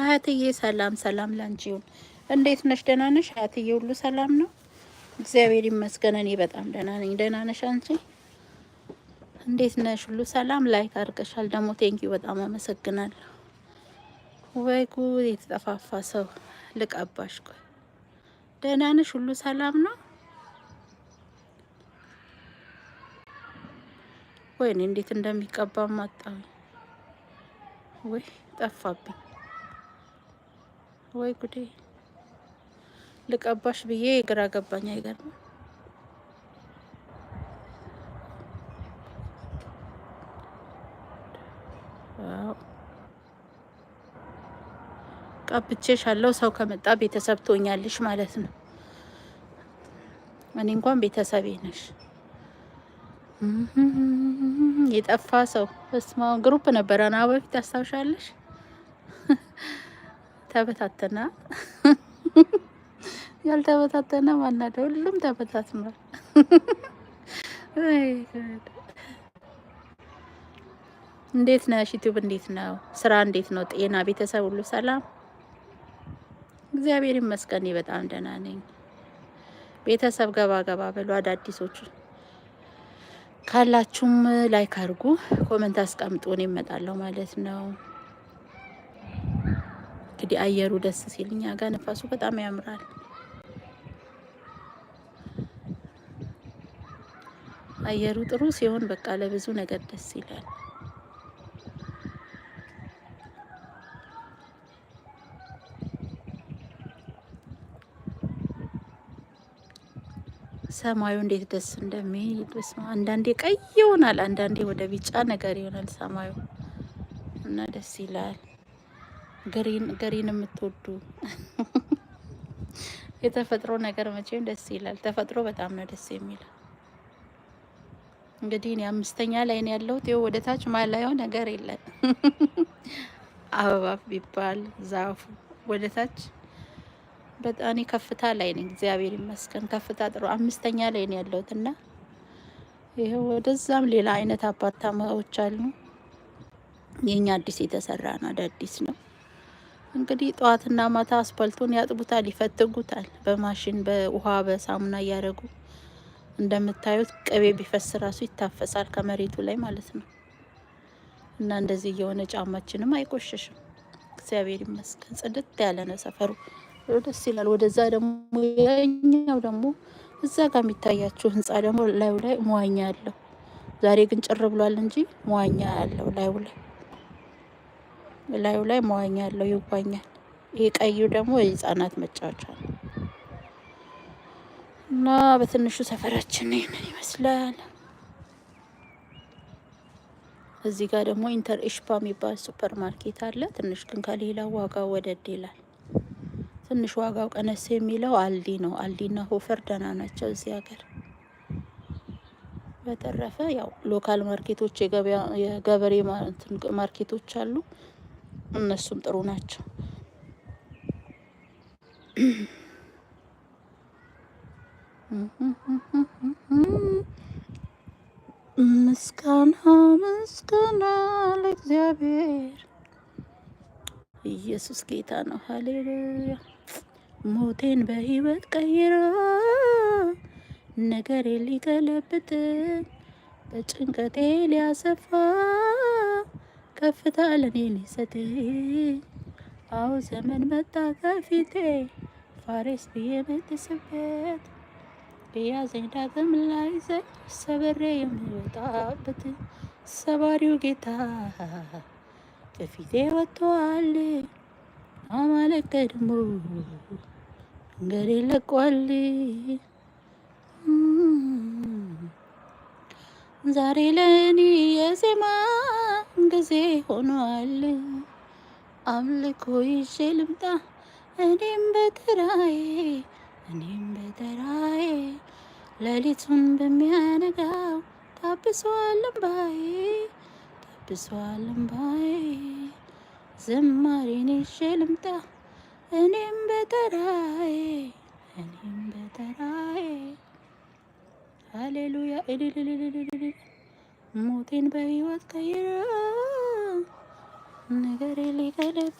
አያትዬ ሰላም ሰላም ላንቺ ይሁን። እንዴት ነሽ? ደህና ነሽ አያትዬ? ሁሉ ሰላም ነው? እግዚአብሔር ይመስገን እኔ በጣም ደህና ነኝ። ደህና ነሽ አንቺ? እንዴት ነሽ? ሁሉ ሰላም። ላይክ አድርገሻል ደግሞ ቴንኪ በጣም አመሰግናለሁ። ወይ ጉድ! የተጠፋፋ ሰው ልቀባሽ። ቆይ ደህና ነሽ? ሁሉ ሰላም ነው? ወይኔ እንዴት እንደሚቀባ ማጣ ወይ ጠፋብኝ። ወይ ጉዴ! ልቀባሽ ብዬ ግራ ገባኝ። አይገርም ቀብቼሽ አለው። ሰው ከመጣ ቤተሰብ ትሆኛለሽ ማለት ነው። እኔ እንኳን ቤተሰቤ ነሽ። የጠፋ ሰው በስመ ግሩፕ ነበረ ና በፊት ታስታውሻለሽ? ተበታተና ያልተበታተነ ማናደ ሁሉም ተበታትኗል። እንዴት ነሽ? ዩቲዩብ እንዴት ነው? ስራ እንዴት ነው? ጤና፣ ቤተሰብ ሁሉ ሰላም? እግዚአብሔር ይመስገን በጣም ደህና ነኝ። ቤተሰብ ገባ ገባ ብሎ አዳዲሶቹ ካላችሁም ላይክ አድርጉ፣ ኮመንት አስቀምጡ፣ እኔ እመጣለሁ ማለት ነው። እንግዲህ አየሩ ደስ ሲል እኛ ጋር ነፋሱ በጣም ያምራል። አየሩ ጥሩ ሲሆን በቃ ለብዙ ነገር ደስ ይላል። ሰማዩ እንዴት ደስ እንደሚል አንዳንዴ ቀይ ይሆናል፣ አንዳንዴ ወደ ቢጫ ነገር ይሆናል ሰማዩ እና ደስ ይላል። ግሪን ግሪን የምትወዱ የተፈጥሮ ነገር መቼም ደስ ይላል። ተፈጥሮ በጣም ነው ደስ የሚል። እንግዲህ እኔ አምስተኛ ላይ ነው ያለሁት። ይኸው ወደ ታች ማላየው ነገር የለም። አበባ ቢባል ዛፉ ወደ ታች በጣም እኔ ከፍታ ላይ ነኝ። እግዚአብሔር ይመስገን ከፍታ ጥሩ አምስተኛ ላይ ነው ያለሁት እና ይኸው ወደዛም ሌላ አይነት አፓርታማዎች አሉ። የኛ አዲስ የተሰራ ነው፣ አዳዲስ ነው። እንግዲህ ጠዋትና ማታ አስፓልቱን ያጥቡታል፣ ይፈትጉታል በማሽን በውሃ በሳሙና እያደረጉ እንደምታዩት ቅቤ ቢፈስ ራሱ ይታፈሳል ከመሬቱ ላይ ማለት ነው። እና እንደዚህ የሆነ ጫማችንም አይቆሸሽም። እግዚአብሔር ይመስገን ጽድት ያለ ነው ሰፈሩ፣ ደስ ይላል። ወደዛ ደግሞ ያኛው ደግሞ እዛ ጋር የሚታያችሁ ህንጻ ደግሞ ላዩ ላይ መዋኛ አለው። ዛሬ ግን ጭር ብሏል እንጂ መዋኛ አለው ላዩ ላይ ላዩ ላይ መዋኛ ያለው ይዋኛል። ይህ ቀዩ ደግሞ የህፃናት መጫወቻ ነው። እና በትንሹ ሰፈራችን ይህንን ይመስላል። እዚህ ጋር ደግሞ ኢንተር ኢሽፓ የሚባል ሱፐር ማርኬት አለ። ትንሽ ግን ከሌላው ዋጋው ወደድ ይላል። ትንሽ ዋጋው ቀነስ የሚለው አልዲ ነው። አልዲና ሆፈር ደህና ናቸው እዚህ ሀገር። በተረፈ ያው ሎካል ማርኬቶች የገበሬ ማርኬቶች አሉ። እነሱም ጥሩ ናቸው። ምስጋና ምስጋና ለእግዚአብሔር ኢየሱስ ጌታ ነው። ሀሌሉያ ሞቴን በህይወት ቀይሮ ነገሬ ሊገለብጥ በጭንቀቴ ሊያሰፋ ከፍታ ለኔ ሊሰጥ አዎ ዘመን መጣ ከፊቴ ፋሬስ ብዬ መጥስበት እያዘኝ ዳግም ላይ ዘኝ ሰበሬ የምወጣበት ሰባሪው ጌታ ከፊቴ ወጥቷል። አማልክ ቀድሞ መንገዴ ለቋል። ዛሬ ለእኔ የዜማ ጊዜ ሆኗል። አምልኮ ይዤ ልምጣ እኔም በተራዬ እኔም በተራዬ ሌሊቱን በሚያነጋው ታብሷል እምባዬ ታብሷል እምባዬ ዝማሬን ይዤ ልምጣ እኔም በተራዬ እኔም በተራዬ ሃሌሉያ ሞቴን በህይወት ቀይራ ነገር ሊቀለፍ